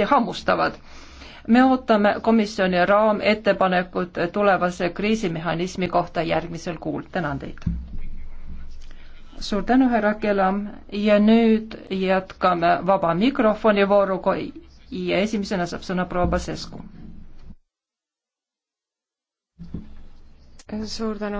ja hammustavad. me ootame komisjoni raamettepanekut tulevase kriisimehhanismi kohta järgmisel kuul. tänan teid. suur tänu, härra Kelam ja nüüd jätkame vaba mikrofoni vooruga ja esimesena saab sõna proua Basescu. suur tänu.